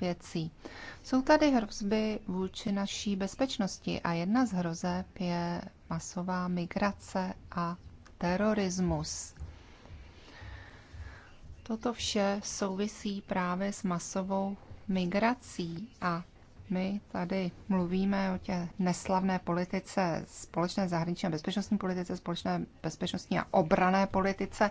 věcí. Jsou tady hrozby vůči naší bezpečnosti a jedna z hrozeb je masová migrace a terorismus. Toto vše souvisí právě s masovou migrací a my tady mluvíme o té neslavné politice, společné zahraniční a bezpečnostní politice, společné bezpečnostní a obrané politice,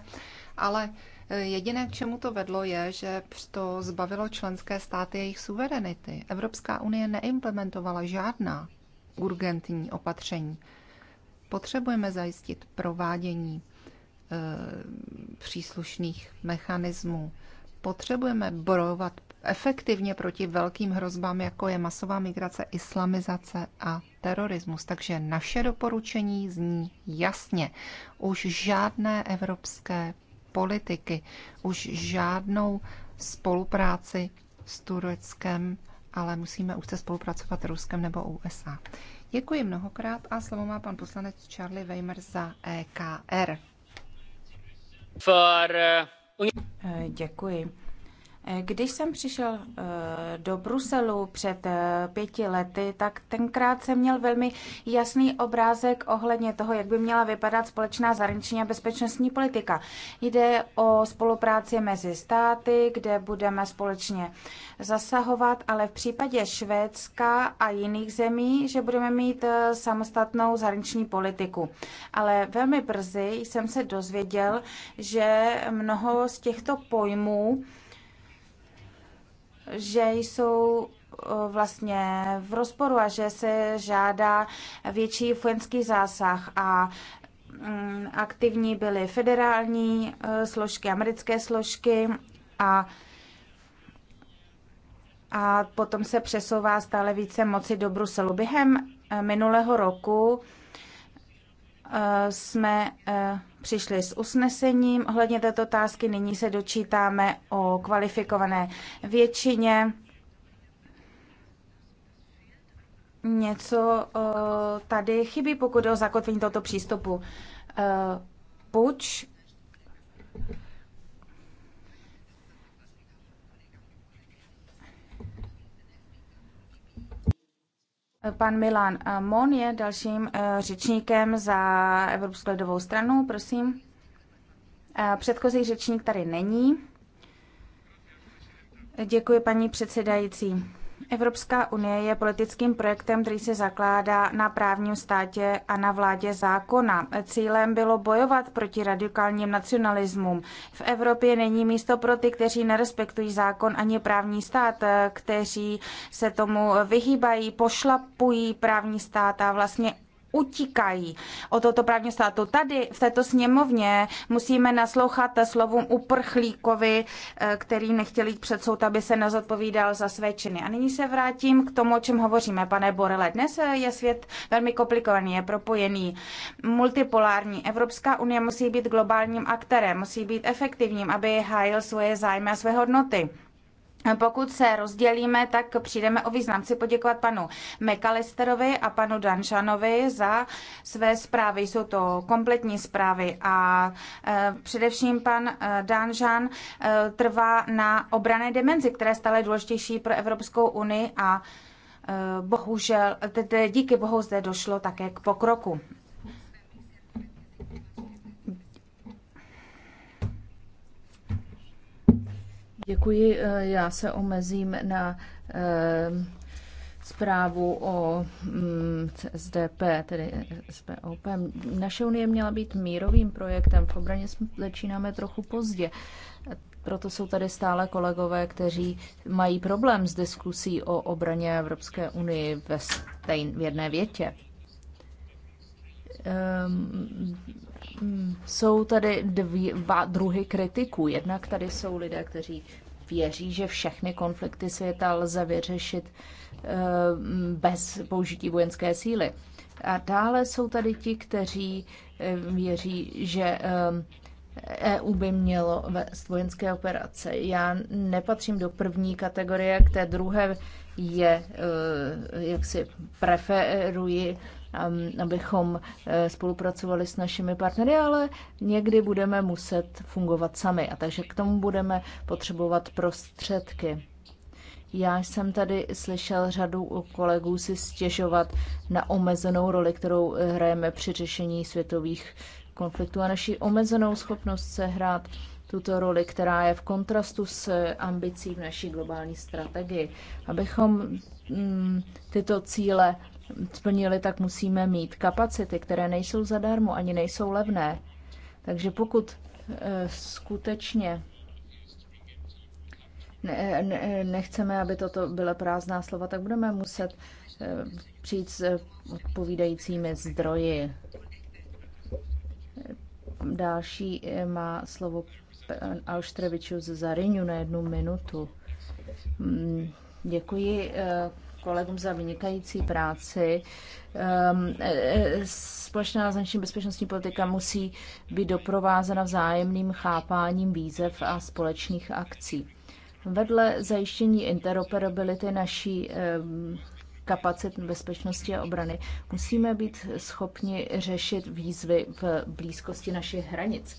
ale eh, jediné, k čemu to vedlo, je, že to zbavilo členské státy jejich suverenity. Evropská unie neimplementovala žádná urgentní opatření. Potřebujeme zajistit provádění eh, příslušných mechanismů. Potřebujeme bojovat efektivně proti velkým hrozbám, jako je masová migrace, islamizace a terorismus. Takže naše doporučení zní jasně. Už žádné evropské politiky, už žádnou spolupráci s Tureckem, ale musíme už se spolupracovat s Ruskem nebo USA. Děkuji mnohokrát a slovo má pan poslanec Charlie Weimer za EKR. For, uh... Děkuji. Když jsem přišel eh, do Bruselu před eh, pěti lety, tak tenkrát jsem měl velmi jasný obrázek ohledně toho, jak by měla vypadat společná zahraniční a bezpečnostní politika. Jde o spolupráci mezi státy, kde budeme společně zasahovat, ale v případě Švédska a jiných zemí, že budeme mít eh, samostatnou zahraniční politiku. Ale velmi brzy jsem se dozvěděl, že mnoho z těchto pojmů, že jsou eh, vlastně v rozporu a že se žádá větší vojenský zásah a mm, aktivní byly federální eh, složky, americké složky a a potom se přesouvá stále více moci do Bruselu. Během eh, minulého roku Eh, jsme eh, přišli s usnesením ohledně této otázky. Nyní se dočítáme o kvalifikované většině. Něco eh, tady chybí, pokud o zakotvení tohoto přístupu. Puč Pan Milan Mon je dalším eh, řečníkem za Evropskou lidovou stranu, prosím. Eh, předchozí řečník tady není. Děkuji, paní předsedající. Evropská unie je politickým projektem, který se zakládá na právním státě a na vládě zákona. Cílem bylo bojovat proti radikálním nacionalismům. V Evropě není místo pro ty, kteří nerespektují zákon ani právní stát, kteří se tomu vyhýbají, pošlapují právní stát a vlastně utíkají od tohoto právního státu. Tady v této sněmovně musíme naslouchat slovům uprchlíkovi, eh, který nechtěl jít před soud, aby se nezodpovídal za své činy. A nyní se vrátím k tomu, o čem hovoříme, pane Borele. Dnes je svět velmi komplikovaný, je propojený, multipolární. Evropská unie musí být globálním aktérem, musí být efektivním, aby hájil svoje zájmy a své hodnoty. Pokud se rozdělíme, tak přijdeme o význam. Chci poděkovat panu McAllisterovi a panu Danšanovi za své zprávy. Jsou to kompletní zprávy a e, především pan e, Danžan e, trvá na obrané dimenzi, která je stále důležitější pro Evropskou unii a bohužel, díky bohu zde došlo také k pokroku. Děkuji, eh, já se omezím na eh, zprávu o mm, SDP, tedy SPOP. Naše unie měla být mírovým projektem, v obraně začínáme trochu pozdě. Proto jsou tady stále kolegové, kteří mají problém s diskusí o obraně Evropské unii ve stejn, v jedné větě. Ehm, Hmm, jsou tady dva druhy kritiků. Jednak tady jsou lidé, kteří věří, že všechny konflikty světa lze vyřešit eh, bez použití vojenské síly. A dále jsou tady ti, kteří eh, věří, že EU eh, e by mělo vést vojenské operace. Já nepatřím do první kategorie, k té druhé je, jak si preferuji abychom eh, spolupracovali s našimi partnery, ale někdy budeme muset fungovat sami a takže k tomu budeme potřebovat prostředky. Já jsem tady slyšel řadu kolegů si stěžovat na omezenou roli, kterou eh, hrajeme při řešení světových konfliktů a naší omezenou schopnost se hrát tuto roli, která je v kontrastu s eh, ambicí v naší globální strategii. Abychom mm, tyto cíle splnili, tak musíme mít kapacity, které nejsou zadarmo ani nejsou levné. Takže pokud e, skutečně ne, ne, nechceme, aby toto byla prázdná slova, tak budeme muset e, přijít s odpovídajícími zdroji. Další e, má slovo Alštrevičus Zariňu na jednu minutu. Mm, děkuji kolegům za vynikající práci. Ehm, e, e, společná zahraniční bezpečnostní politika musí být doprovázena vzájemným chápáním výzev a společných akcí. Vedle zajištění interoperability naší ehm, kapacit bezpečnosti a obrany, musíme být schopni řešit výzvy v blízkosti našich hranic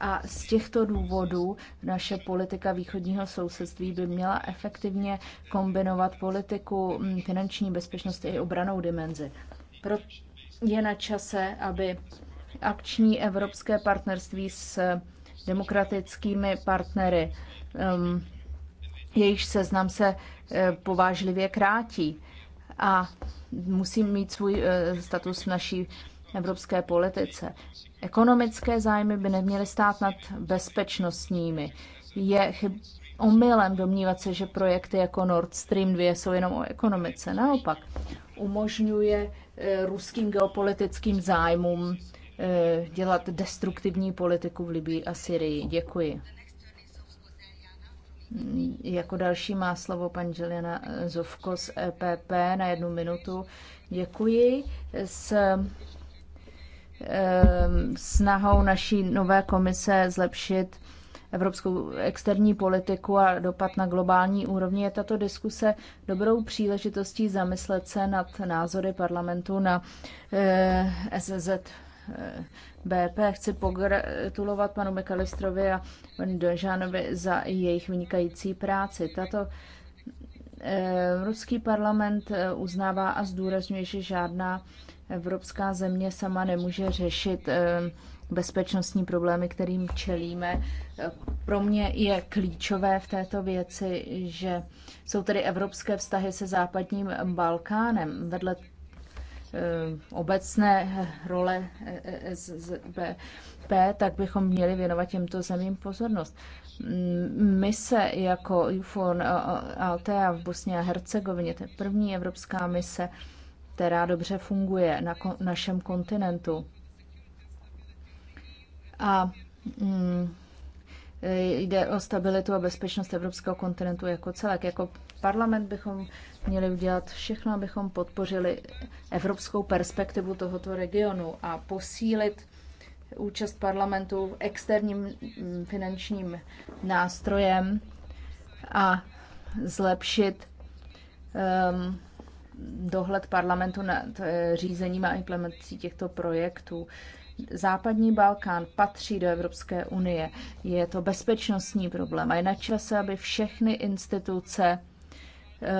a z těchto důvodů naše politika východního sousedství by měla efektivně kombinovat politiku mm, finanční bezpečnosti i obranou dimenzi. Pro je na čase, aby akční evropské partnerství s demokratickými partnery, um, jejichž seznam se uh, povážlivě krátí a musí mít svůj uh, status v naší evropské politice. Ekonomické zájmy by neměly stát nad bezpečnostními. Je chyb- omylem domnívat se, že projekty jako Nord Stream 2 jsou jenom o ekonomice. Naopak, umožňuje eh, ruským geopolitickým zájmům eh, dělat destruktivní politiku v Libii a Syrii. Děkuji. Jako další má slovo paní Želena Zovko z EPP na jednu minutu. Děkuji. S Ehm, snahou naší nové komise zlepšit evropskou externí politiku a dopad na globální úrovni, je tato diskuse dobrou příležitostí zamyslet se nad názory parlamentu na eh, SZBP. Chci pogratulovat panu McAllisterovi a panu Dožánovi za jejich vynikající práci. Tato eh, Ruský parlament eh, uznává a zdůrazňuje, že žádná Evropská země sama nemůže řešit eh, bezpečnostní problémy, kterým čelíme. Eh, pro mě je klíčové v této věci, že jsou tedy evropské vztahy se západním Balkánem. Vedle eh, obecné role SBP, tak bychom měli věnovat těmto zemím pozornost. Mm, se jako UFON Altea v Bosně a Hercegovině, to je první evropská mise, která dobře funguje na ko- našem kontinentu. A mm, jde o stabilitu a bezpečnost evropského kontinentu jako celek. Jako parlament bychom měli udělat všechno, abychom podpořili evropskou perspektivu tohoto regionu a posílit účast parlamentu v externím mm, finančním nástrojem a zlepšit um, dohled parlamentu nad eh, řízením a implementací těchto projektů. Západní Balkán patří do Evropské unie. Je to bezpečnostní problém a je na čase, aby všechny instituce eh,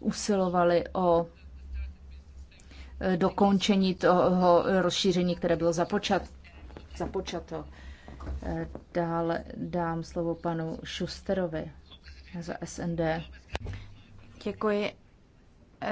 usilovaly o eh, dokončení toho rozšíření, které bylo započat, započato. Dále dám slovo panu Šusterovi za SND. Děkuji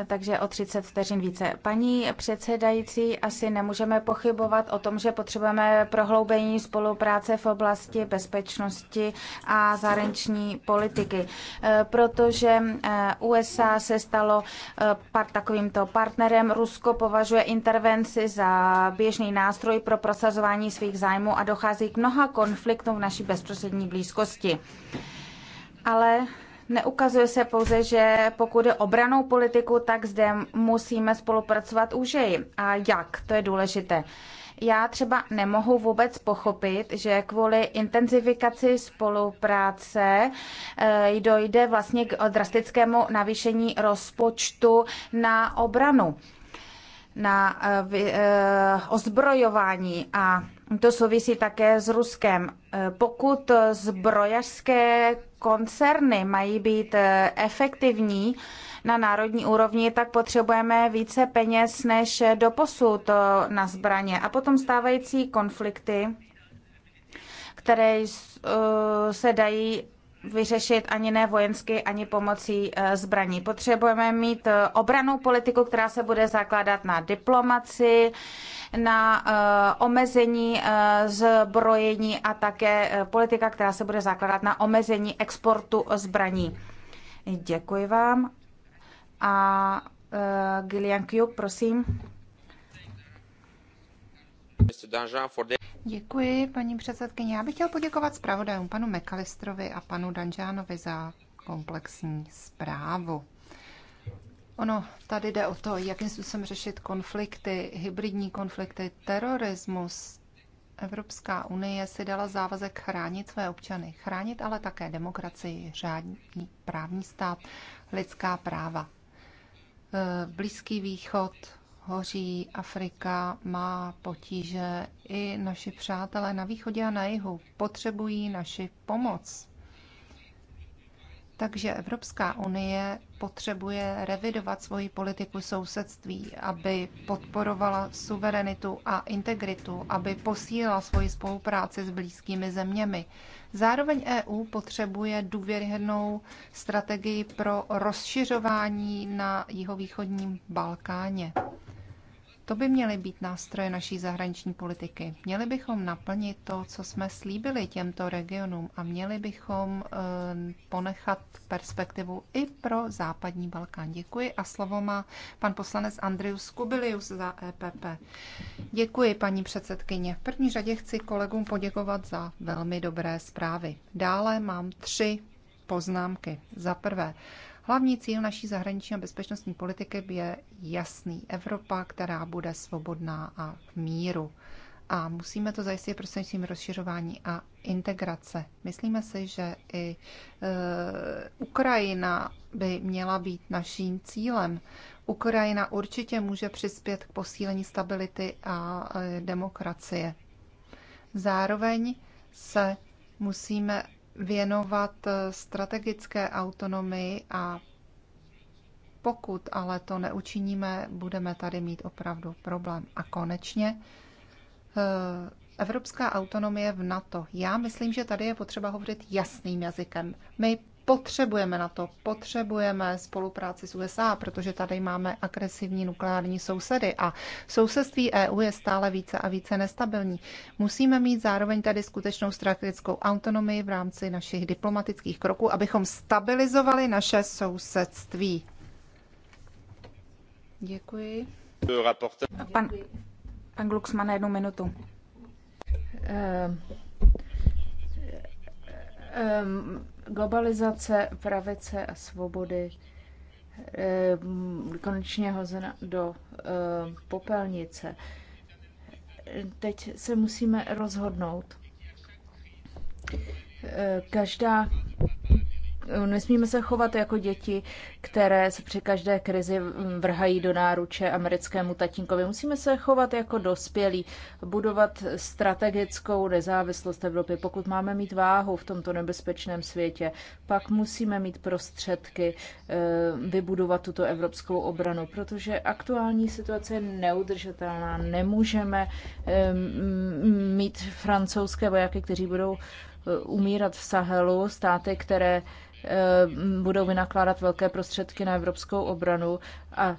takže o 30 vteřin více. Paní předsedající, asi nemůžeme pochybovat o tom, že potřebujeme prohloubení spolupráce v oblasti bezpečnosti a zahraniční politiky, eh, protože eh, USA se stalo eh, part, takovýmto partnerem. Rusko považuje intervenci za běžný nástroj pro prosazování svých zájmů a dochází k mnoha konfliktům v naší bezprostřední blízkosti. Ale Neukazuje se pouze, že pokud je obranou politiku, tak zde musíme spolupracovat úžeji. A jak? To je důležité. Já třeba nemohu vůbec pochopit, že kvůli intenzifikaci spolupráce eh, dojde vlastně k drastickému navýšení rozpočtu na obranu, na eh, eh, ozbrojování a to souvisí také s Ruskem. Pokud zbrojařské koncerny mají být eh, efektivní na národní úrovni, tak potřebujeme více peněz než doposud eh, na zbraně. A potom stávající konflikty, které eh, se dají vyřešit ani ne vojensky, ani pomocí zbraní. Potřebujeme mít obranou politiku, která se bude zakládat na diplomaci, na eh, omezení eh, zbrojení a také eh, politika, která se bude zakládat na omezení exportu zbraní. Děkuji vám. A uh, Gillian Kyuk, prosím. Děkuji, paní předsedkyně. Já bych chtěl poděkovat zpravodajům panu Mekalistrovi a panu Danžánovi za komplexní zprávu. Ono tady jde o to, jakým způsobem řešit konflikty, hybridní konflikty, terorismus. Evropská unie si dala závazek chránit své občany, chránit ale také demokracii, řádní právní stát, lidská práva. E, Blízký východ, hoří Afrika, má potíže. I naši přátelé na východě a na jihu potřebují naši pomoc. Takže Evropská unie potřebuje revidovat svoji politiku sousedství, aby podporovala suverenitu a integritu, aby posílila svoji spolupráci s blízkými zeměmi. Zároveň EU potřebuje důvěryhodnou strategii pro rozšiřování na jihovýchodním Balkáně. To by měly být nástroje naší zahraniční politiky. Měli bychom naplnit to, co jsme slíbili těmto regionům a měli bychom eh, ponechat perspektivu i pro západní Balkán. Děkuji a slovo má pan poslanec Andrius Kubilius za EPP. Děkuji, paní předsedkyně. V první řadě chci kolegům poděkovat za velmi dobré zprávy. Dále mám tři poznámky. Za prvé, Hlavní cíl naší zahraniční a bezpečnostní politiky je jasný. Evropa, která bude svobodná a v míru. A musíme to zajistit prostřednictvím rozšiřování a integrace. Myslíme si, že i e, Ukrajina by měla být naším cílem. Ukrajina určitě může přispět k posílení stability a e, demokracie. Zároveň se musíme věnovat eh, strategické autonomii a pokud ale to neučiníme, budeme tady mít opravdu problém. A konečně eh, evropská autonomie v NATO. Já myslím, že tady je potřeba hovořit jasným jazykem. My potřebujeme na to, potřebujeme spolupráci s USA, protože tady máme agresivní nukleární sousedy a sousedství EU je stále více a více nestabilní. Musíme mít zároveň tady skutečnou strategickou autonomii v rámci našich diplomatických kroků, abychom stabilizovali naše sousedství. Děkuji. Pan, pan Glucksmann na jednu minutu. Uh, um, Globalizace, pravice a svobody eh, konečně hozena do eh, popelnice. Teď se musíme rozhodnout. Eh, každá Nesmíme se chovat jako děti, které se při každé krizi vrhají do náruče americkému tatínkovi. Musíme se chovat jako dospělí, budovat strategickou nezávislost Evropy. Pokud máme mít váhu v tomto nebezpečném světě, pak musíme mít prostředky eh, vybudovat tuto evropskou obranu, protože aktuální situace je neudržitelná. Nemůžeme eh, mít francouzské vojáky, kteří budou eh, umírat v Sahelu, státy, které Eh, budou vynakládat velké prostředky na evropskou obranu a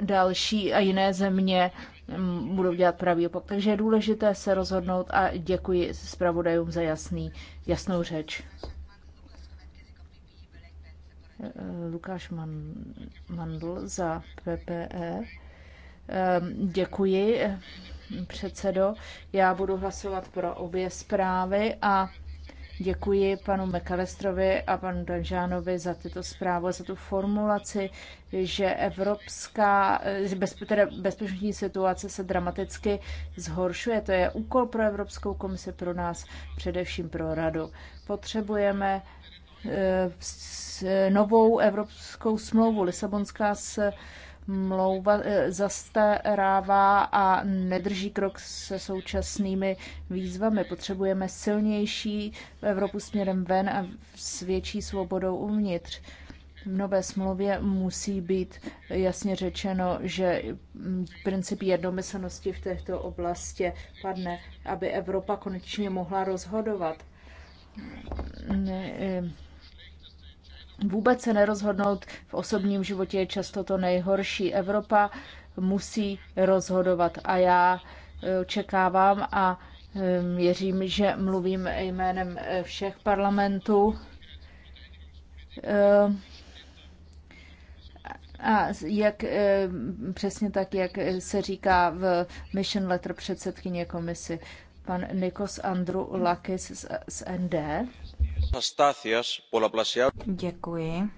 další a jiné země mm, budou dělat pravý opak. Takže je důležité se rozhodnout a děkuji zpravodajům za jasný, jasnou řeč. Eh, Lukáš Man, Mandl za PPE. Eh, děkuji, předsedo. Já budu hlasovat pro obě zprávy a Děkuji panu Mekalistrovi a panu Danžánovi za tyto zprávy, za tu formulaci, že evropská bez, teda bezpečnostní situace se dramaticky zhoršuje. To je úkol pro Evropskou komisi, pro nás, především pro radu. Potřebujeme e, novou evropskou smlouvu. Lisabonská s mlouva eh, zastarává a nedrží krok se současnými výzvami. Potřebujeme silnější Evropu směrem ven a s větší svobodou uvnitř. V nové smlouvě musí být jasně řečeno, že princip jednomyslnosti v této oblasti padne, aby Evropa konečně mohla rozhodovat. Ne, eh, Vůbec se nerozhodnout v osobním životě je často to nejhorší. Evropa musí rozhodovat a já eh, očekávám a eh, věřím, že mluvím jménem eh, všech parlamentů. A jak, přesně tak, jak se říká v mission letter předsedkyně komisy, pan Nikos Andru Lakis z, z ND. Děkuji.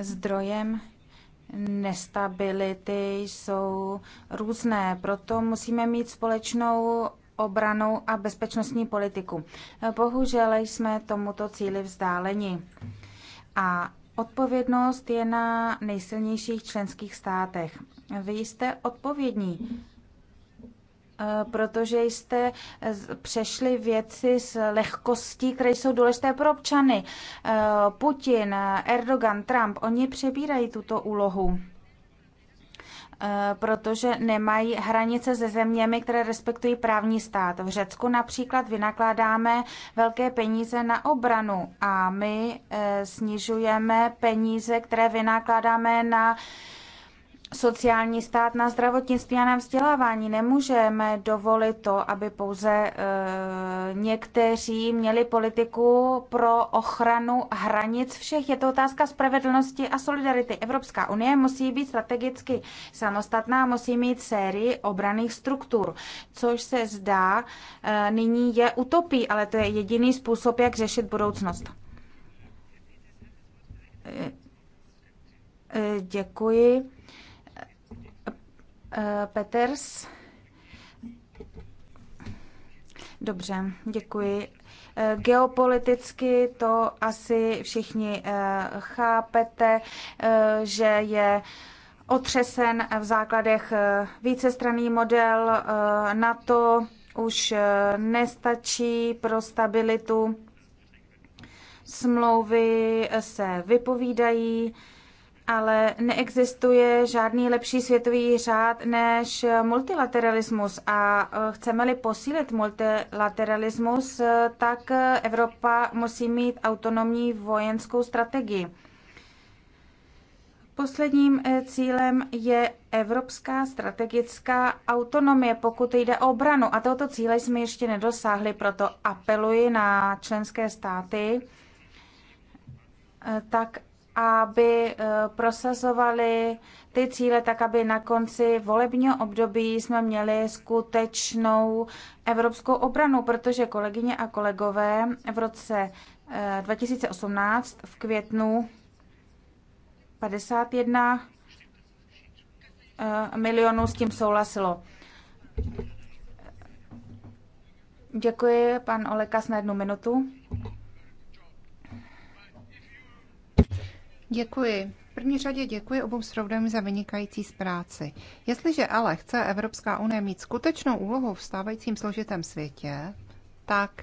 Zdrojem nestability jsou různé, proto musíme mít společnou obranou a bezpečnostní politiku. Bohužel jsme tomuto cíli vzdáleni. A odpovědnost je na nejsilnějších členských státech. Vy jste odpovědní Eh, protože jste eh, přešli věci s lehkostí, které jsou důležité pro občany. Eh, Putin, Erdogan, Trump, oni přebírají tuto úlohu protože nemají hranice se zeměmi, které respektují právní stát. V Řecku například vynakládáme velké peníze na obranu a my snižujeme peníze, které vynakládáme na sociální stát na zdravotnictví a na vzdělávání. Nemůžeme dovolit to, aby pouze e, někteří měli politiku pro ochranu hranic všech. Je to otázka spravedlnosti a solidarity. Evropská unie musí být strategicky samostatná, musí mít sérii obraných struktur, což se zdá e, nyní je utopí, ale to je jediný způsob, jak řešit budoucnost. E, děkuji. Eh, Peters. Dobře, děkuji. Eh, geopoliticky to asi všichni eh, chápete, že je otřesen v základech vícestranný model NATO, už nestačí pro stabilitu. Smlouvy se vypovídají ale neexistuje žádný lepší světový řád než multilateralismus a e, chceme-li posílit multilateralismus, e, tak Evropa musí mít autonomní vojenskou strategii. Posledním e, cílem je evropská strategická autonomie, pokud jde o obranu. A tohoto cíle jsme ještě nedosáhli, proto apeluji na členské státy, tak aby eh, prosazovali ty cíle tak, aby na konci volebního období jsme měli skutečnou evropskou obranu, protože kolegyně a kolegové v roce 2018 eh, v květnu 51 eh, milionů s tím souhlasilo. Děkuji, pan Oleka, na jednu minutu. Děkuji. V první řadě děkuji obou srovnám za vynikající zpráci. Jestliže ale chce Evropská unie mít skutečnou úlohu v stávajícím složitém světě, tak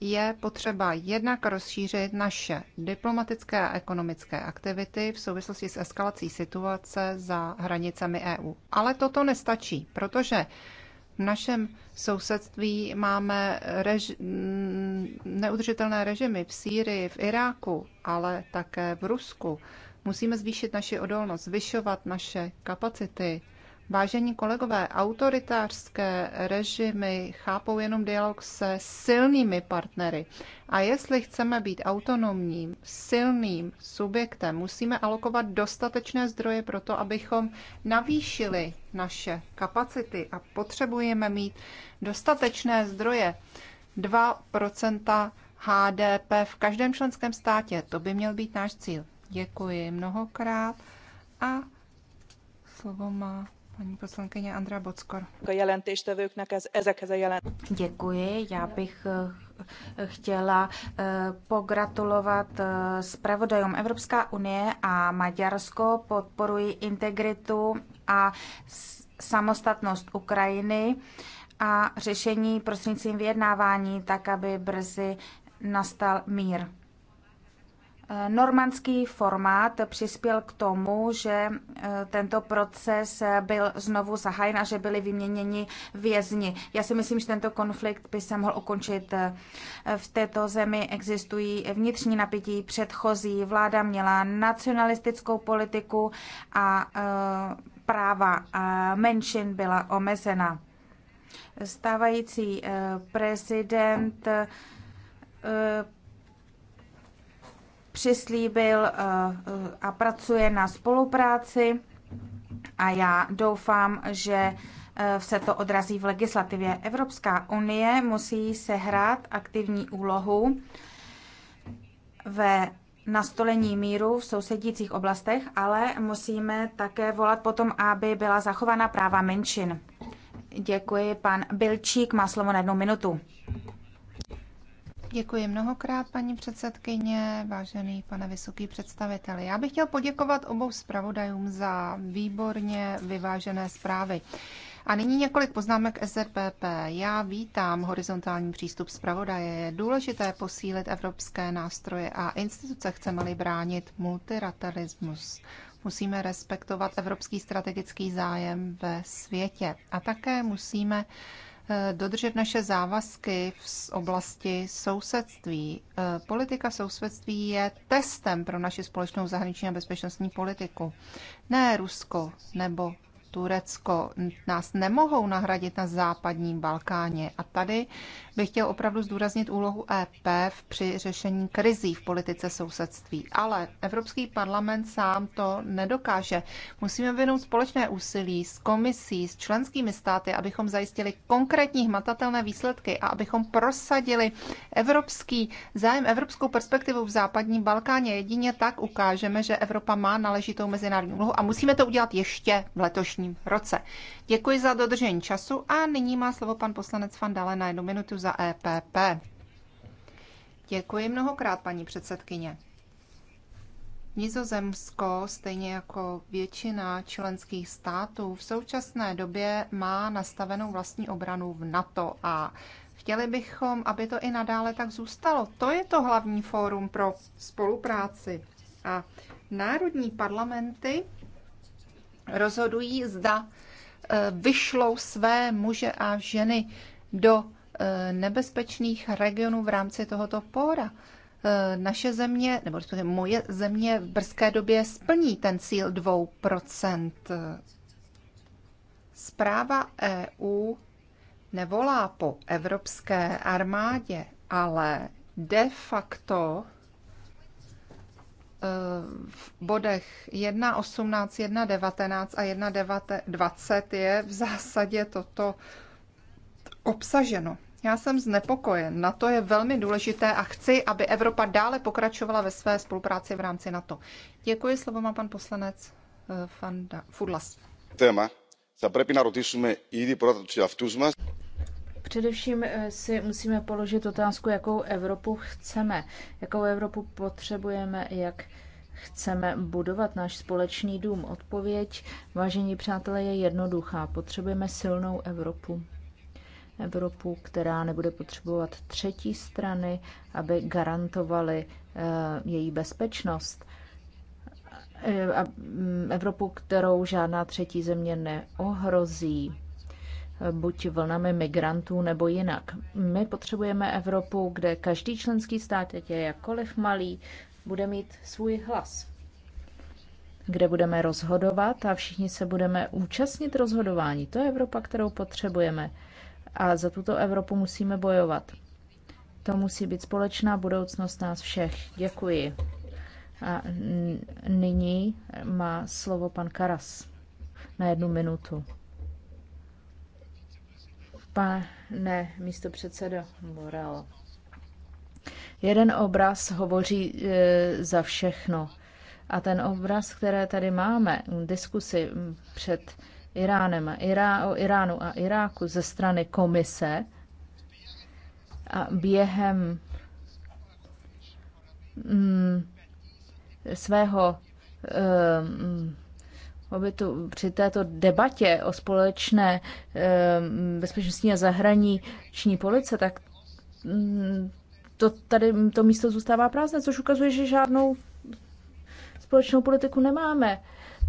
je potřeba jednak rozšířit naše diplomatické a ekonomické aktivity v souvislosti s eskalací situace za hranicemi EU. Ale toto nestačí, protože v našem sousedství máme reži- neudržitelné režimy v Sýrii, v Iráku, ale také v Rusku. Musíme zvýšit naši odolnost, zvyšovat naše kapacity Vážení kolegové, autoritářské režimy chápou jenom dialog se silnými partnery. A jestli chceme být autonomním, silným subjektem, musíme alokovat dostatečné zdroje pro to, abychom navýšili naše kapacity a potřebujeme mít dostatečné zdroje. 2 HDP v každém členském státě. To by měl být náš cíl. Děkuji mnohokrát a slovo má Paní poslankyně Andra Bockor. Děkuji, já bych eh, chtěla eh, pogratulovat eh, zpravodajům. Evropská unie a Maďarsko podporují integritu a samostatnost Ukrajiny a řešení prostřednictvím vyjednávání, tak aby brzy nastal mír. Normandský formát přispěl k tomu, že e, tento proces byl znovu zahájen a že byli vyměněni vězni. Já si myslím, že tento konflikt by se mohl ukončit. E, v této zemi existují vnitřní napětí, předchozí vláda měla nacionalistickou politiku a e, práva menšin byla omezena. Stávající prezident přislíbil eh, eh, a pracuje na spolupráci a já doufám, že eh, se to odrazí v legislativě. Evropská unie musí sehrát aktivní úlohu ve nastolení míru v sousedících oblastech, ale musíme také volat potom, aby byla zachována práva menšin. Děkuji, pan Bilčík má slovo na jednu minutu. Děkuji mnohokrát, paní předsedkyně, vážený pane vysoký představiteli. Já bych chtěl poděkovat obou zpravodajům za výborně vyvážené zprávy. A nyní několik poznámek SRPP. Já vítám horizontální přístup zpravodaje. Je důležité posílit evropské nástroje a instituce, chceme-li bránit multilateralismus. Musíme respektovat evropský strategický zájem ve světě a také musíme dodržet naše závazky v oblasti sousedství. Eh, politika sousedství je testem pro naši společnou zahraniční a bezpečnostní politiku. Ne Rusko nebo Turecko nás nemohou nahradit na západním Balkáně. A tady bych chtěl opravdu zdůraznit úlohu EP při řešení krizí v politice sousedství. Ale Evropský parlament sám to nedokáže. Musíme vynout společné úsilí s komisí, s členskými státy, abychom zajistili konkrétní hmatatelné výsledky a abychom prosadili evropský zájem, evropskou perspektivu v západním Balkáně. Jedině tak ukážeme, že Evropa má náležitou mezinárodní úlohu a musíme to udělat ještě v letošním roce. Děkuji za dodržení času a nyní má slovo pan poslanec Van Dale na jednu minutu za EPP. Děkuji mnohokrát, paní předsedkyně. Nizozemsko, stejně jako většina členských států, v současné době má nastavenou vlastní obranu v NATO a chtěli bychom, aby to i nadále tak zůstalo. To je to hlavní fórum pro spolupráci. A národní parlamenty rozhodují, zda Eh, vyšlou své muže a ženy do eh, nebezpečných regionů v rámci tohoto póra. Eh, naše země, nebo moje země v brzké době splní ten cíl 2%. Zpráva EU nevolá po evropské armádě, ale de facto v bodech 1.18, 1.19 a 1.20 je v zásadě toto obsaženo. Já jsem znepokojen. Na to je velmi důležité a chci, aby Evropa dále pokračovala ve své spolupráci v rámci NATO. Děkuji, slovo má pan poslanec eh, Fanda, Fudlas. Téma. Θα πρέπει να ρωτήσουμε ήδη πρώτα τους Především eh, si musíme položit otázku, jakou Evropu chceme, jakou Evropu potřebujeme, jak chceme budovat náš společný dům. Odpověď, vážení přátelé, je jednoduchá. Potřebujeme silnou Evropu. Evropu, která nebude potřebovat třetí strany, aby garantovaly eh, její bezpečnost. Eh, mm, Evropu, kterou žádná třetí země neohrozí buď vlnami migrantů nebo jinak. My potřebujeme Evropu, kde každý členský stát, teď je jakkoliv malý, bude mít svůj hlas, kde budeme rozhodovat a všichni se budeme účastnit rozhodování. To je Evropa, kterou potřebujeme a za tuto Evropu musíme bojovat. To musí být společná budoucnost nás všech. Děkuji. A nyní má slovo pan Karas na jednu minutu pane místo předseda Morel. Jeden obraz hovoří e, za všechno. A ten obraz, které tady máme, diskusy před Iránem a Irá, o Iránu a Iráku ze strany komise a během mm, svého e, aby tu, při této debatě o společné eh, bezpečnostní a zahraniční police, tak mm, to tady to místo zůstává prázdné, což ukazuje, že žádnou společnou politiku nemáme.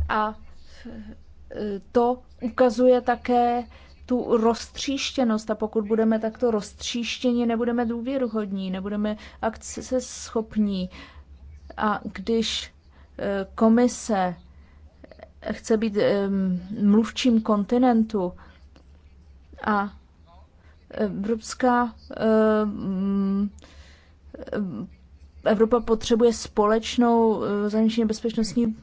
A eh, to ukazuje také tu roztříštěnost a pokud budeme takto roztříštěni, nebudeme důvěruhodní, nebudeme akce schopní. A když eh, komise chce být mluvčím kontinentu a Evropská Evropa potřebuje společnou eh, zahraniční bezpečnostní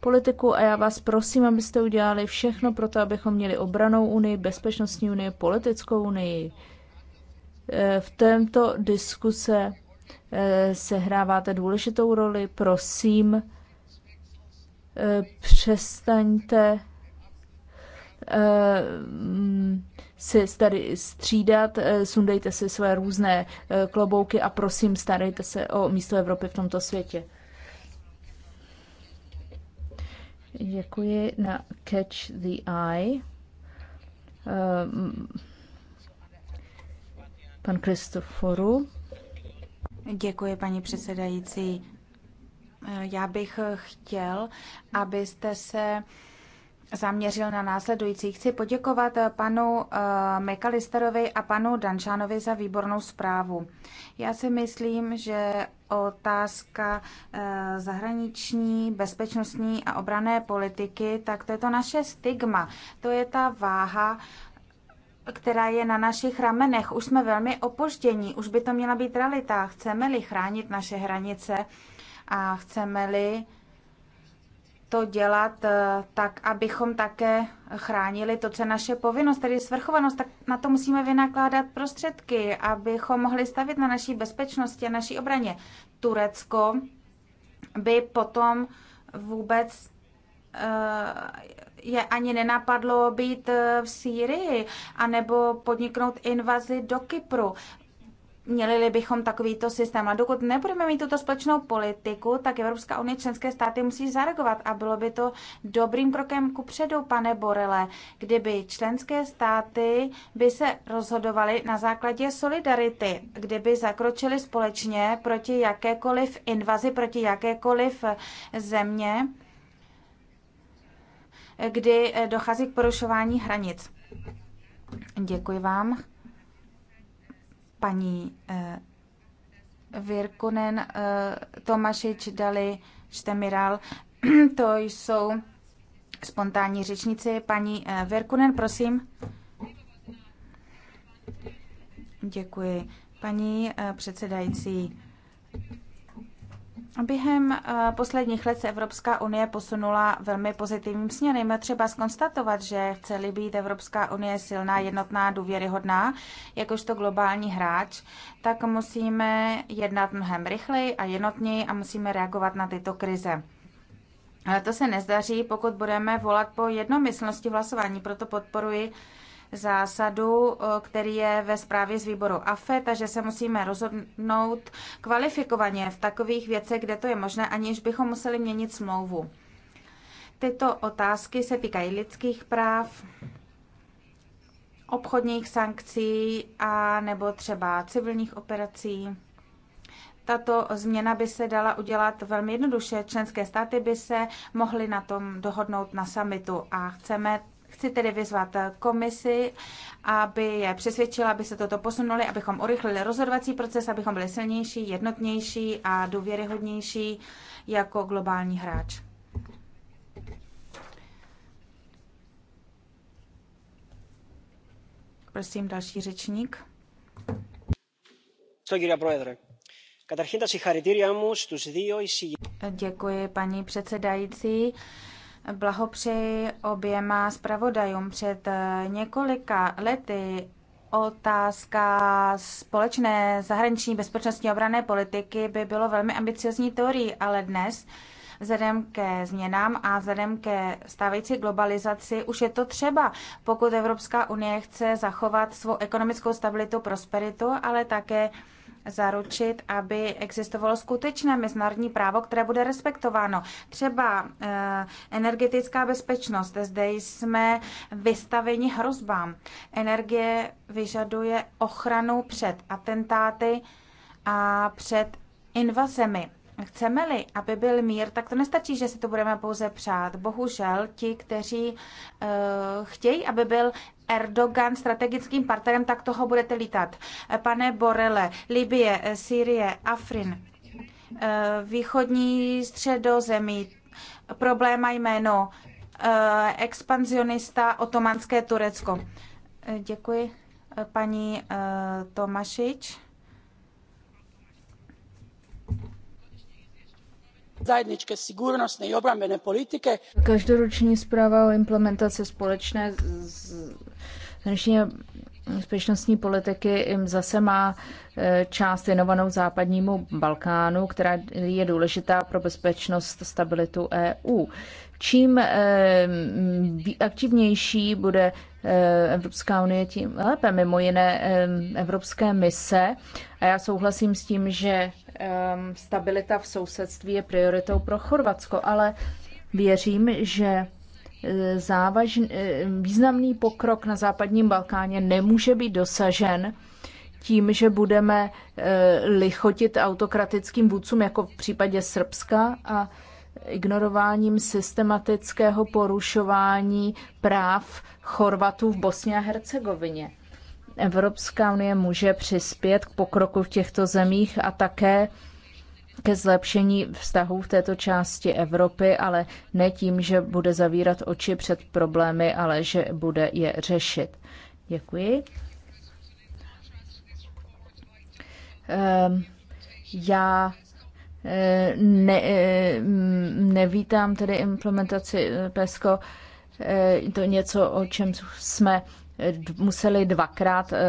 politiku a já vás prosím, abyste udělali všechno pro to, abychom měli obranou unii, bezpečnostní unii, politickou unii. Eh, v této diskuse eh, sehráváte důležitou roli. Prosím, přestaňte eh, se tady střídat, eh, sundejte si své různé eh, klobouky a prosím, starejte se o místo Evropy v tomto světě. Děkuji na Catch the Eye. Pan Kristoforu. Děkuji, paní předsedající. Eh, já bych eh, chtěl, abyste se zaměřil na následující. Chci poděkovat eh, panu Mekalisterovi a panu Dančánovi za výbornou zprávu. Já si myslím, že otázka zahraniční, bezpečnostní a obrané politiky, tak to je to naše stigma. To je ta váha, která je na našich ramenech. Už jsme velmi opoždění, už by to měla být realita. Chceme-li chránit naše hranice, a chceme-li to dělat eh, tak, abychom také chránili to, co je naše povinnost, tedy svrchovanost, tak na to musíme vynakládat prostředky, abychom mohli stavit na naší bezpečnosti a naší obraně. Turecko by potom vůbec eh, je ani nenapadlo být eh, v Sýrii, anebo podniknout invazi do Kypru. Měli bychom takovýto systém. A dokud nebudeme mít tuto společnou politiku, tak Evropská unie členské státy musí zareagovat. A bylo by to dobrým krokem ku předu, pane Borele, kdyby členské státy by se rozhodovaly na základě solidarity, kdyby zakročili společně proti jakékoliv invazi, proti jakékoliv země, kdy dochází k porušování hranic. Děkuji vám paní eh, Virkunen, eh, Tomašič, Dali, Štemiral. To jsou spontánní řečníci. Paní eh, Virkunen, prosím. Děkuji. Paní předsedající, Během eh, posledních let se Evropská unie posunula velmi pozitivním směrem. Třeba skonstatovat, že chce-li být Evropská unie silná, jednotná, důvěryhodná, jakožto globální hráč, tak musíme jednat mnohem rychleji a jednotněji a musíme reagovat na tyto krize. Ale to se nezdaří, pokud budeme volat po jednomyslnosti v hlasování. Proto podporuji zásadu, eh, který je ve zprávě z výboru AFE, takže se musíme rozhodnout kvalifikovaně v takových věcech, kde to je možné, aniž bychom museli měnit smlouvu. Tyto otázky se týkají lidských práv, obchodních sankcí a nebo třeba civilních operací. Tato změna by se dala udělat velmi jednoduše. Členské státy by se mohly na tom dohodnout na summitu a chceme Chci tedy vyzvat komisi, aby je přesvědčila, aby se toto posunuli, abychom urychlili rozhodovací proces, abychom byli silnější, jednotnější a důvěryhodnější jako globální hráč. Prosím, další řečník. Děkuji, paní předsedající. Blahopřeji oběma zpravodajům. Před eh, několika lety otázka společné zahraniční bezpečnostní obrané politiky by bylo velmi ambiciozní teorií, ale dnes vzhledem ke změnám a vzhledem ke stávající globalizaci už je to třeba, pokud Evropská unie chce zachovat svou ekonomickou stabilitu, prosperitu, ale také zaručit, aby existovalo skutečné mezinárodní právo, které bude respektováno. Třeba eh, energetická bezpečnost. Zde jsme vystaveni hrozbám. Energie vyžaduje ochranu před atentáty a před invazemi. Chceme-li, aby byl mír, tak to nestačí, že si to budeme pouze přát. Bohužel ti, kteří uh, chtějí, aby byl Erdogan strategickým partnerem, tak toho budete lítat. Pane Borele, Libie, Sýrie, Afrin, eh, východní středozemí, problém a jméno, eh, expanzionista otomanské Turecko. Eh, děkuji paní Tomašič. zajedničke sigurnosne i obrambene politike. zpráva o implementaci společné bezpečnostní politiky zase má e, část věnovanou západnímu Balkánu, která je důležitá pro bezpečnost a stabilitu EU. Čím e, aktivnější bude e, Evropská unie, tím lépe. Mimo jiné evropské mise. A já souhlasím s tím, že stabilita v sousedství je prioritou pro Chorvatsko, ale věřím, že závažný, eh, významný pokrok na západním Balkáně nemůže být dosažen tím, že budeme eh, lichotit autokratickým vůdcům, jako v případě Srbska, a ignorováním systematického porušování práv Chorvatů v Bosně a Hercegovině. Evropská unie může přispět k pokroku v těchto zemích a také ke zlepšení vztahů v této části Evropy, ale ne tím, že bude zavírat oči před problémy, ale že bude je řešit. Děkuji. Ehm, já eh, ne, eh, nevítám tedy implementaci eh, PESCO. To něco, o čem jsme museli dvakrát eh,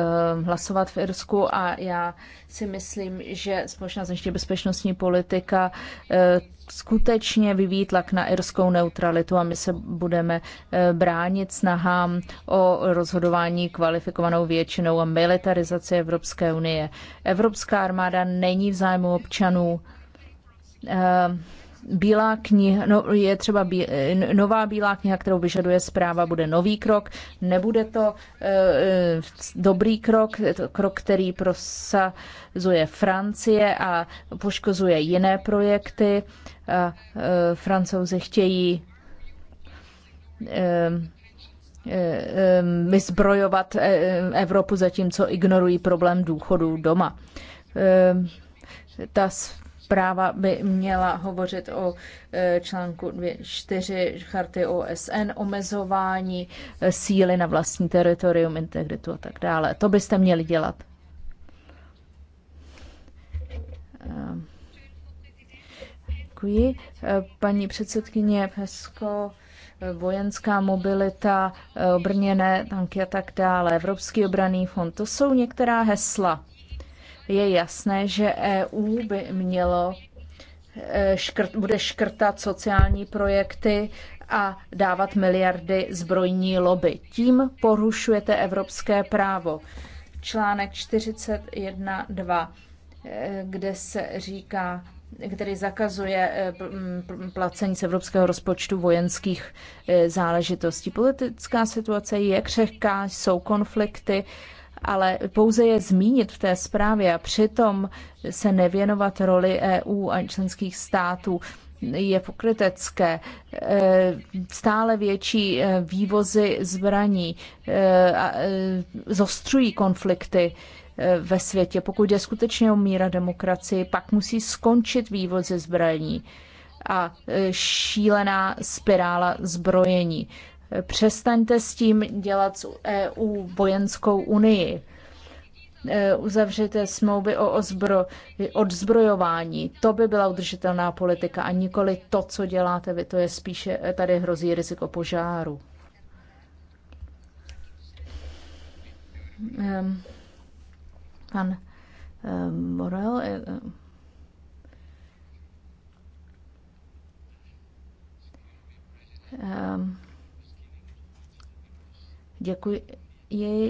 hlasovat v Irsku a já si myslím, že společná zajištění bezpečnostní politika eh, skutečně vyvíjí tlak na irskou neutralitu a my se budeme eh, bránit snahám o rozhodování kvalifikovanou většinou a militarizaci Evropské unie. Evropská armáda není v zájmu občanů bílá kniha, no, je třeba bí, eh, nová bílá kniha, kterou vyžaduje zpráva, bude nový krok. Nebude to e, dobrý krok, to krok, který prosazuje Francie a poškozuje jiné projekty. A, e, francouzi chtějí e, vyzbrojovat Evropu, zatímco ignorují problém důchodů doma. Ta Zpráva by měla hovořit o e, článku 4 charty OSN, omezování e, síly na vlastní teritorium, integritu a tak dále. To byste měli dělat. Děkuji. E, paní předsedkyně Pesko, vojenská mobilita, obrněné tanky a tak dále, Evropský obraný fond, to jsou některá hesla je jasné, že EU by mělo eh, škrt, bude škrtat sociální projekty a dávat miliardy zbrojní lobby. Tím porušujete evropské právo. Článek 41.2, eh, kde se říká, který zakazuje eh, placení z evropského rozpočtu vojenských záležitostí. Politická situace je křehká, jsou konflikty ale pouze je zmínit v té zprávě a přitom se nevěnovat roli EU a členských států je pokrytecké. E, stále větší e, vývozy zbraní e, zostřují konflikty ve světě. Pokud je skutečně o míra demokracii, pak musí skončit vývozy zbraní a šílená spirála zbrojení. Přestaňte s tím dělat s EU vojenskou unii. E, uzavřete smlouvy o ozbro, odzbrojování. To by byla udržitelná politika a nikoli to, co děláte vy. To je spíše, tady hrozí riziko požáru. pan Morel. um, Děkuji,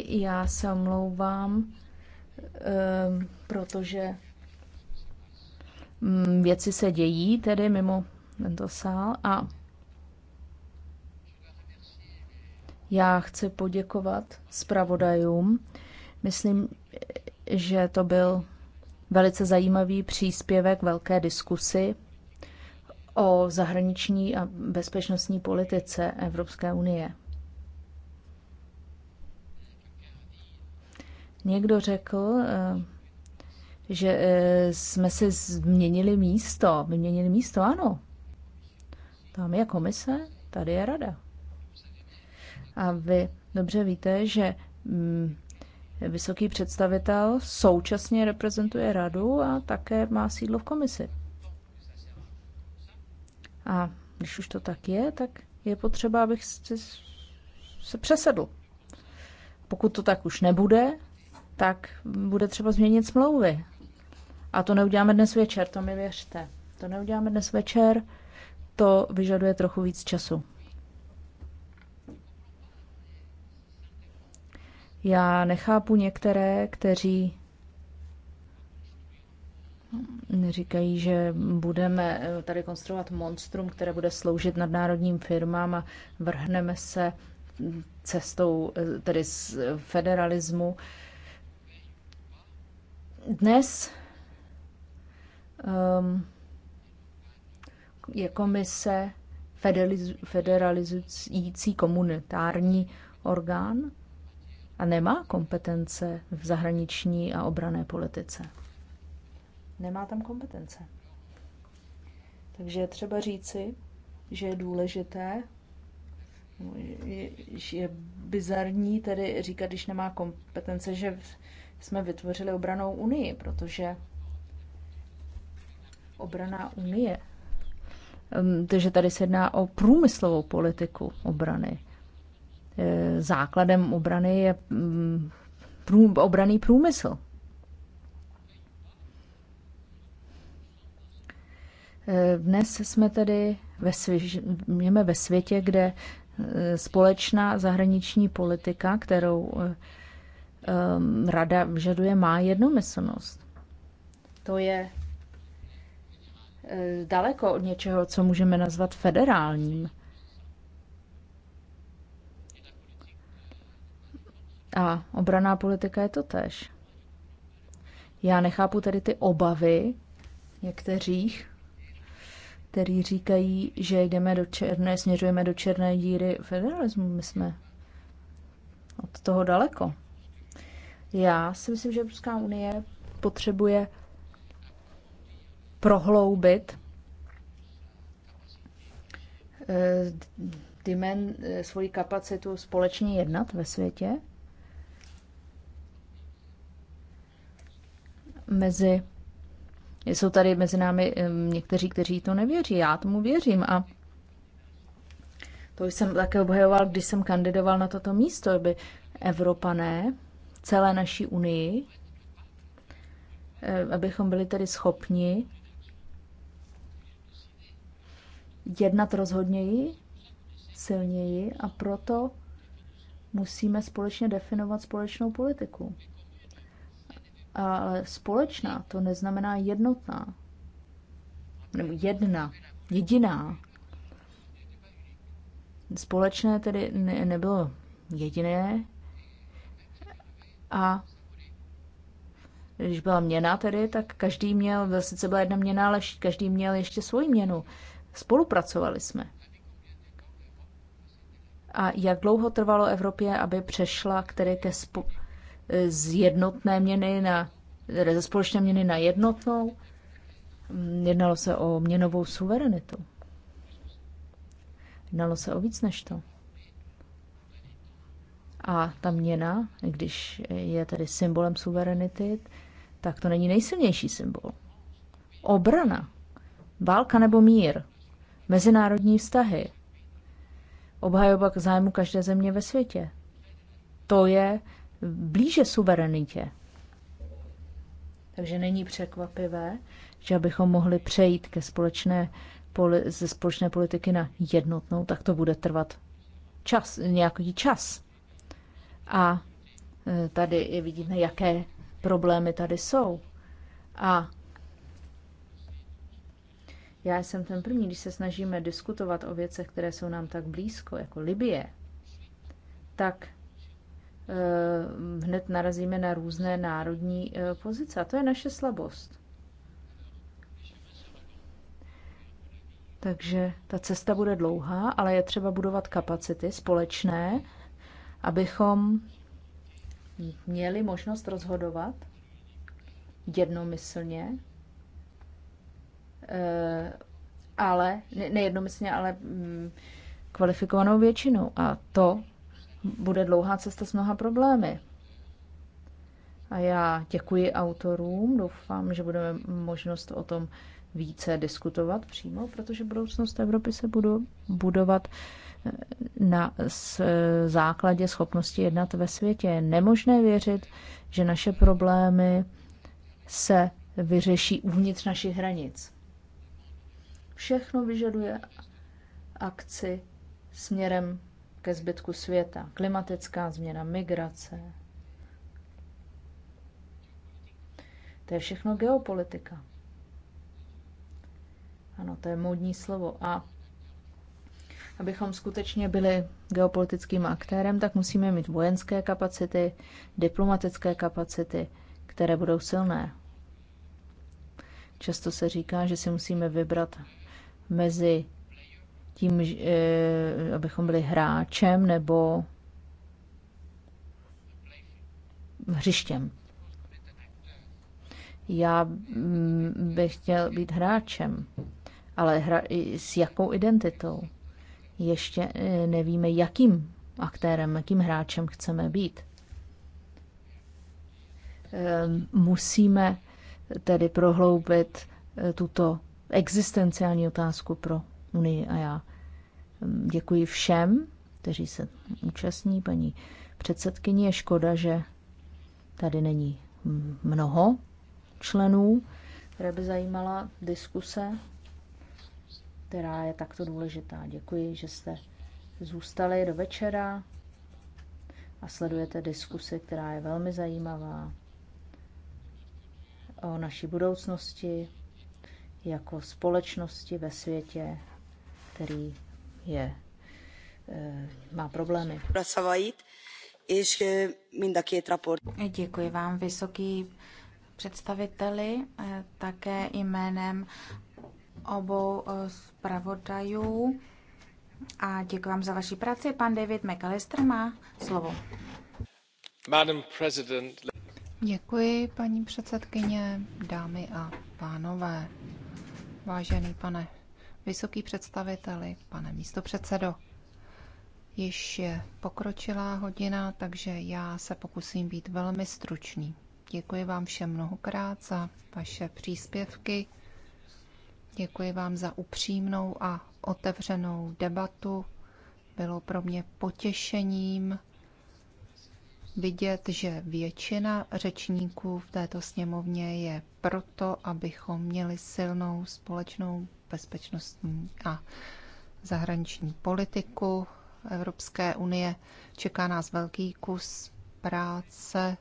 já se omlouvám, ehm, protože mm, věci se dějí tedy mimo tento sál a já chci poděkovat zpravodajům. Myslím, že to byl velice zajímavý příspěvek velké diskusy o zahraniční a bezpečnostní politice Evropské unie. Někdo řekl, eh, že eh, jsme se změnili místo. Vyměnili místo, ano. Tam je komise, tady je rada. A vy dobře víte, že mm, vysoký představitel současně reprezentuje radu a také má sídlo v komisi. A když už to tak je, tak je potřeba, abych se, se přesedl. Pokud to tak už nebude, tak bude třeba změnit smlouvy. A to neuděláme dnes večer, to mi věřte. To neuděláme dnes večer, to vyžaduje trochu víc času. Já nechápu některé, kteří říkají, že budeme tady konstruovat monstrum, které bude sloužit nadnárodním firmám a vrhneme se cestou tedy z federalismu dnes um, je komise federalizující komunitární orgán a nemá kompetence v zahraniční a obrané politice. Nemá tam kompetence. Takže je třeba říci, že je důležité, je, je bizarní tedy říkat, když nemá kompetence, že jsme vytvořili obranou unii, protože obraná unie, takže tady se jedná o průmyslovou politiku obrany. E, základem obrany je mm, obraný průmysl. E, dnes jsme tedy ve, svě, ve světě, kde e, společná zahraniční politika, kterou um, rada vyžaduje, má jednomyslnost. To je eh, daleko od něčeho, co můžeme nazvat federálním. A obraná politika je to tež. Já nechápu tedy ty obavy některých, který říkají, že jdeme do černé, směřujeme do černé díry federalismu. My jsme od toho daleko. Já si myslím, že Evropská unie potřebuje prohloubit eh, dimen, eh, svoji kapacitu společně jednat ve světě mezi jsou tady mezi námi eh, někteří, kteří to nevěří. Já tomu věřím a to jsem také obhajoval, když jsem kandidoval na toto místo, aby Evropané celé naší unii, eh, abychom byli tedy schopni jednat rozhodněji, silněji a proto musíme společně definovat společnou politiku. Ale společná to neznamená jednotná. Nebo jedna, jediná. Společné tedy ne, nebylo jediné, a když byla měna tedy, tak každý měl, sice byla jedna měna, ale každý měl ještě svoji měnu. Spolupracovali jsme. A jak dlouho trvalo Evropě, aby přešla tedy ke spo- z jednotné měny na, ze společné měny na jednotnou? Mm, jednalo se o měnovou suverenitu. Jednalo se o víc než to. A ta měna, když je tedy symbolem suverenity, tak to není nejsilnější symbol. Obrana, válka nebo mír, mezinárodní vztahy, obhajoba k zájmu každé země ve světě. To je blíže suverenitě. Takže není překvapivé, že abychom mohli přejít ke společné, ze společné politiky na jednotnou, tak to bude trvat čas, nějaký čas. A e, tady vidíme, jaké problémy tady jsou. A já jsem ten první, když se snažíme diskutovat o věcech, které jsou nám tak blízko, jako Libie, tak e, hned narazíme na různé národní e, pozice. A to je naše slabost. Takže ta cesta bude dlouhá, ale je třeba budovat kapacity společné, abychom měli možnost rozhodovat jednomyslně, eh, ale nejednomyslně, ale mm, kvalifikovanou většinou. A to bude dlouhá cesta s mnoha problémy. A já děkuji autorům, doufám, že budeme možnost o tom více diskutovat přímo, protože budoucnost Evropy se budou budovat na základě schopnosti jednat ve světě. Je nemožné věřit, že naše problémy se vyřeší uvnitř našich hranic. Všechno vyžaduje akci směrem ke zbytku světa. Klimatická změna, migrace. To je všechno geopolitika. Ano, to je módní slovo. A Abychom skutečně byli geopolitickým aktérem, tak musíme mít vojenské kapacity, diplomatické kapacity, které budou silné. Často se říká, že si musíme vybrat mezi tím, eh, abychom byli hráčem nebo hřištěm. Já mm, bych chtěl být hráčem, ale hra, s jakou identitou? ještě eh, nevíme, jakým aktérem, jakým hráčem chceme být. Ehm, musíme tedy prohloubit eh, tuto existenciální otázku pro Unii a já ehm, děkuji všem, kteří se účastní. Paní předsedkyni je škoda, že tady není mnoho členů, které by zajímala diskuse která je takto důležitá. Děkuji, že jste zůstali do večera a sledujete diskusi, která je velmi zajímavá o naší budoucnosti jako společnosti ve světě, který je, eh, má problémy. Eh, Děkuji vám, vysoký představiteli, eh, také jménem obou eh, zpravodajů a děkuji vám za vaši práci. Pan David McAllister má slovo. Madam President. Děkuji, paní předsedkyně, dámy a pánové. Vážený pane vysoký představiteli, pane místopředsedo, již je pokročilá hodina, takže já se pokusím být velmi stručný. Děkuji vám všem mnohokrát za vaše příspěvky Děkuji vám za upřímnou a otevřenou debatu. Bylo pro mě potěšením vidět, že většina řečníků v této sněmovně je proto, abychom měli silnou společnou bezpečnostní a zahraniční politiku Evropské unie. Čeká nás velký kus práce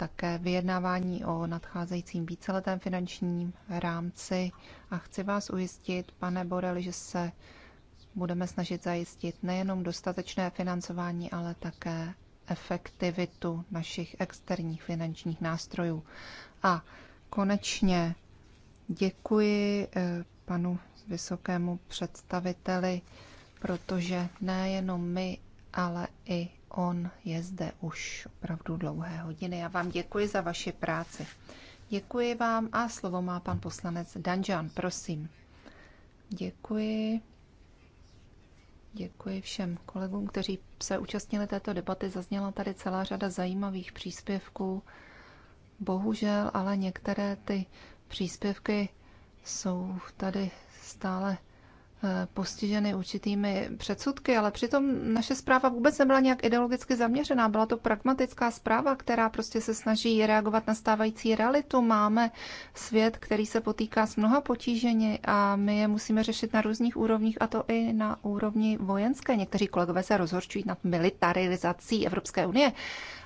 také vyjednávání o nadcházejícím víceletém finančním rámci a chci vás ujistit, pane Boreli, že se budeme snažit zajistit nejenom dostatečné financování, ale také efektivitu našich externích finančních nástrojů. A konečně děkuji eh, panu vysokému představiteli, protože nejenom my, ale i On je zde už opravdu dlouhé hodiny. Já vám děkuji za vaši práci. Děkuji vám a slovo má pan poslanec Danžan, prosím. Děkuji. Děkuji všem kolegům, kteří se účastnili této debaty. Zazněla tady celá řada zajímavých příspěvků. Bohužel, ale některé ty příspěvky jsou tady stále Eh, postiženy určitými předsudky, ale přitom naše zpráva vůbec nebyla nějak ideologicky zaměřená. Byla to pragmatická zpráva, která prostě se snaží reagovat na stávající realitu. Máme svět, který se potýká s mnoha potížemi a my je musíme řešit na různých úrovních, a to i na úrovni vojenské. Někteří kolegové se rozhorčují nad militarizací Evropské unie,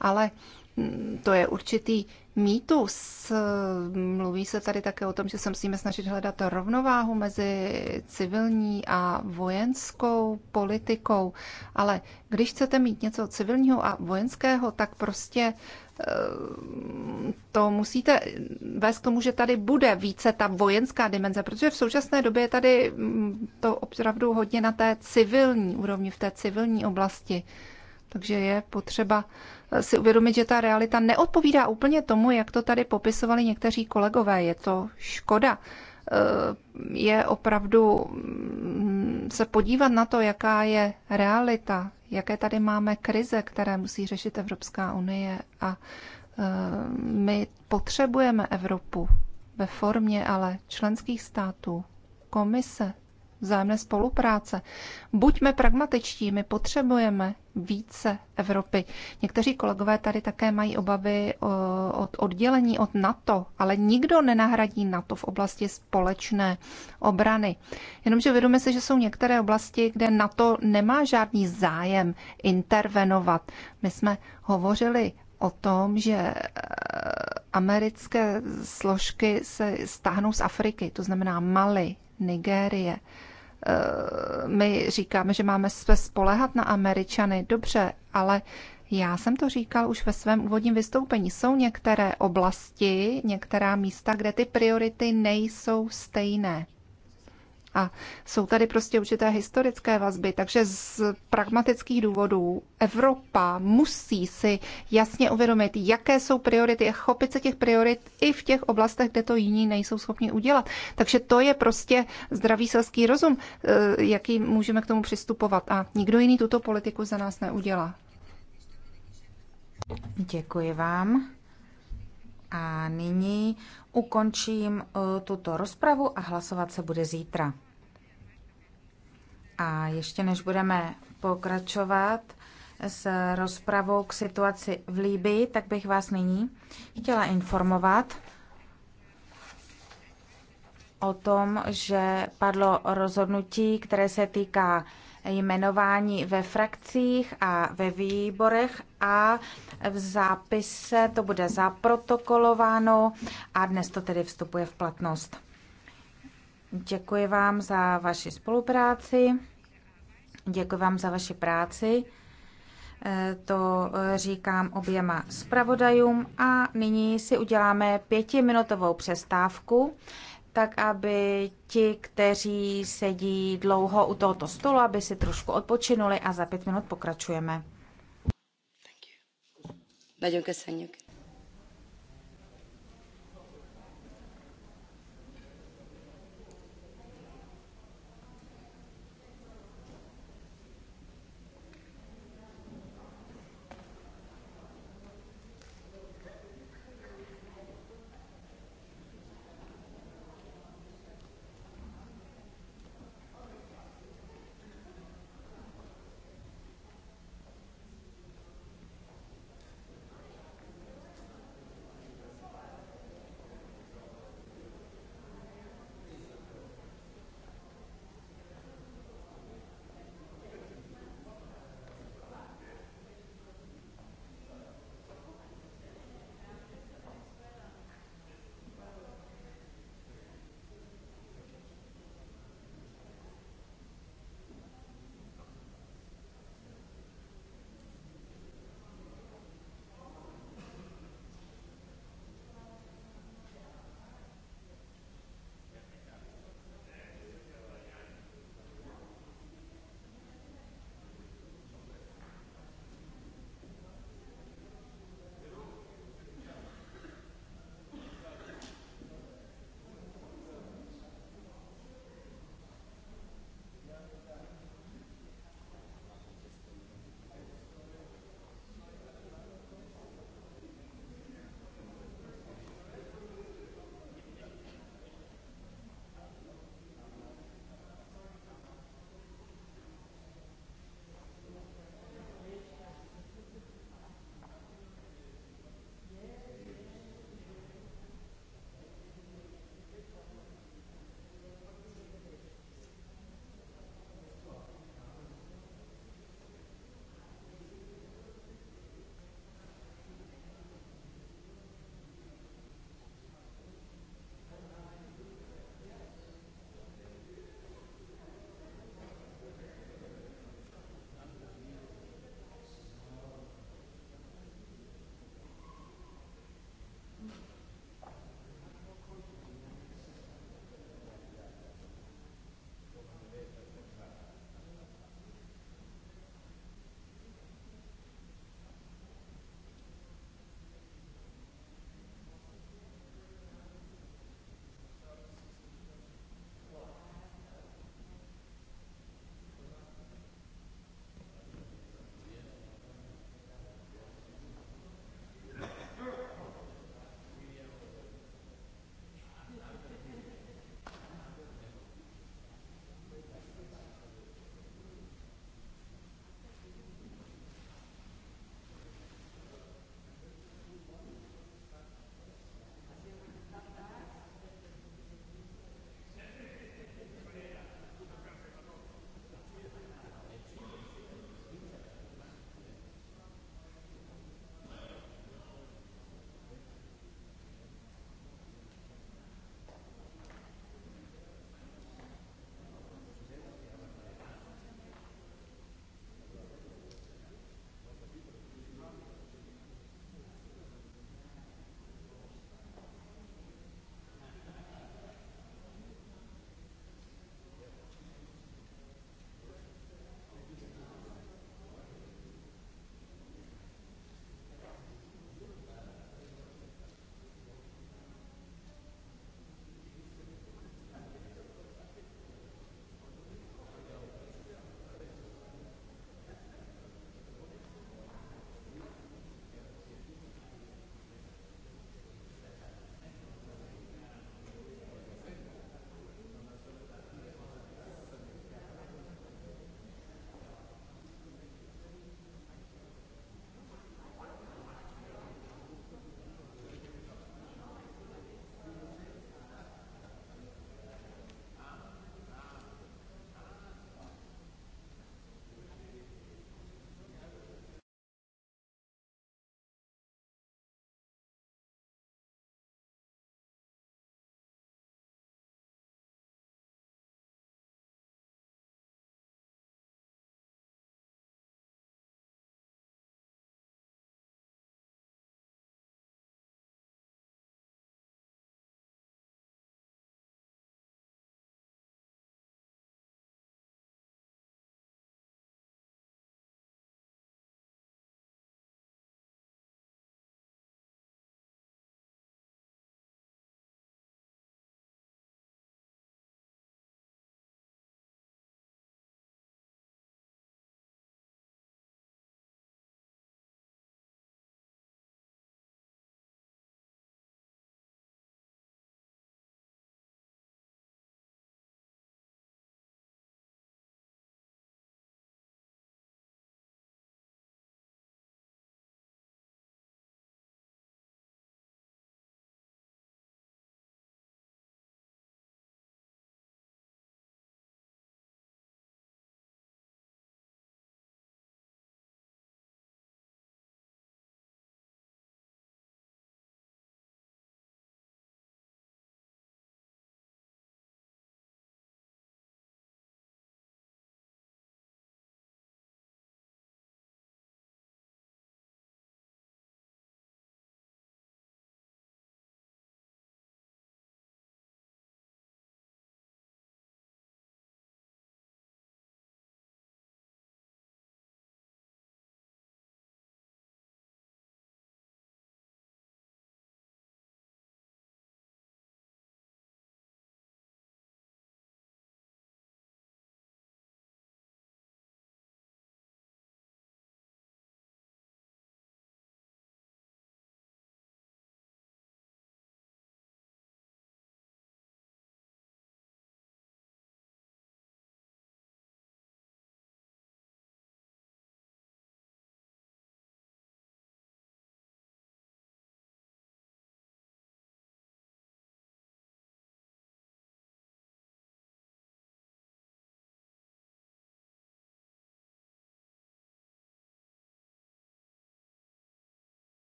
ale to je určitý mýtus. Mluví se tady také o tom, že se musíme snažit hledat rovnováhu mezi civilní a vojenskou politikou, ale když chcete mít něco civilního a vojenského, tak prostě eh, to musíte vést k tomu, že tady bude více ta vojenská dimenze, protože v současné době je tady mm, to opravdu hodně na té civilní úrovni, v té civilní oblasti. Takže je potřeba eh, si uvědomit, že ta realita neodpovídá úplně tomu, jak to tady popisovali někteří kolegové. Je to škoda. Eh, je opravdu mm, se podívat na to, jaká je realita, jaké tady máme krize, které musí řešit Evropská unie a eh, my potřebujeme Evropu ve formě ale členských států, komise, vzájemné spolupráce. Buďme pragmatičtí, my potřebujeme více Evropy. Někteří kolegové tady také mají obavy od oddělení od NATO, ale nikdo nenahradí NATO v oblasti společné obrany. Jenomže vědomi si, že jsou některé oblasti, kde NATO nemá žádný zájem intervenovat. My jsme hovořili o tom, že e, americké složky se stáhnou z Afriky, to znamená Mali, Nigérie my říkáme, že máme se spolehat na Američany. Dobře, ale já jsem to říkal už ve svém úvodním vystoupení. Jsou některé oblasti, některá místa, kde ty priority nejsou stejné. A jsou tady prostě určité historické vazby, takže z pragmatických důvodů Evropa musí si jasně uvědomit, jaké jsou priority a chopit se těch priorit i v těch oblastech, kde to jiní nejsou schopni udělat. Takže to je prostě zdravý selský rozum, eh, jaký můžeme k tomu přistupovat. A nikdo jiný tuto politiku za nás neudělá. Děkuji vám. A nyní ukončím eh, tuto rozpravu a hlasovat se bude zítra. A ještě než budeme pokračovat s rozpravou k situaci v Líbii, tak bych vás nyní chtěla informovat o tom, že padlo rozhodnutí, které se týká jmenování ve frakcích a ve výborech a v zápise to bude zaprotokolováno a dnes to tedy vstupuje v platnost. Děkuji vám za vaši spolupráci, děkuji vám za vaši práci. E, to e, říkám oběma zpravodajům a nyní si uděláme pětiminutovou přestávku, tak aby ti, kteří sedí dlouho u tohoto stolu, aby si trošku odpočinuli a za pět minut pokračujeme. Děkuji. köszönjük.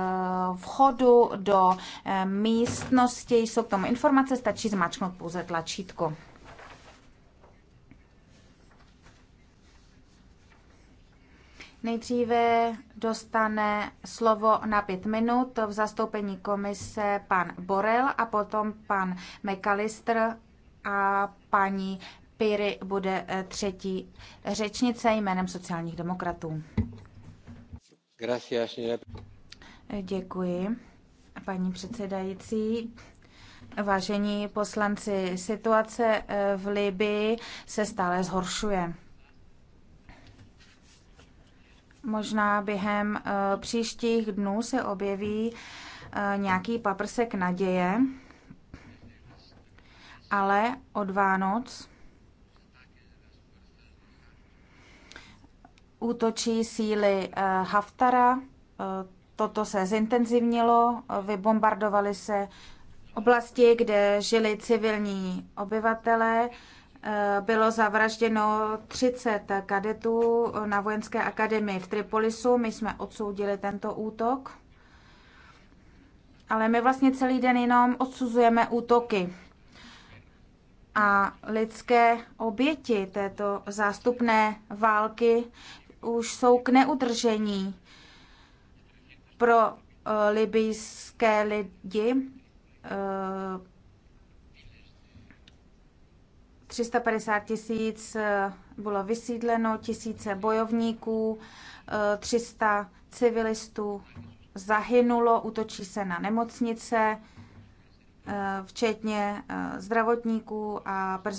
Eh, vchodu do eh, místnosti jsou k tomu informace, stačí zmáčknout pouze tlačítko. Nejdříve dostane slovo na pět minut v zastoupení komise pan Borel a potom pan McAllister a paní Piry bude eh, třetí řečnice jménem sociálních demokratů. Gracias, Děkuji, paní předsedající. Vážení poslanci, situace eh, v Libii se stále zhoršuje. Možná během eh, příštích dnů se objeví eh, nějaký paprsek naděje, ale od Vánoc útočí síly Haftara, toto se zintenzivnilo, vybombardovali se oblasti, kde žili civilní obyvatelé. Eh, bylo zavražděno 30 kadetů na vojenské akademii v Tripolisu. My jsme odsoudili tento útok. Ale my vlastně celý den jenom odsuzujeme útoky. A lidské oběti této zástupné války už jsou k neudržení pro eh, libijské lidi 350 eh, tisíc eh, bylo vysídleno, tisíce bojovníků, 300 civilistů zahynulo, útočí se na nemocnice, včetně zdravotníků a personálu.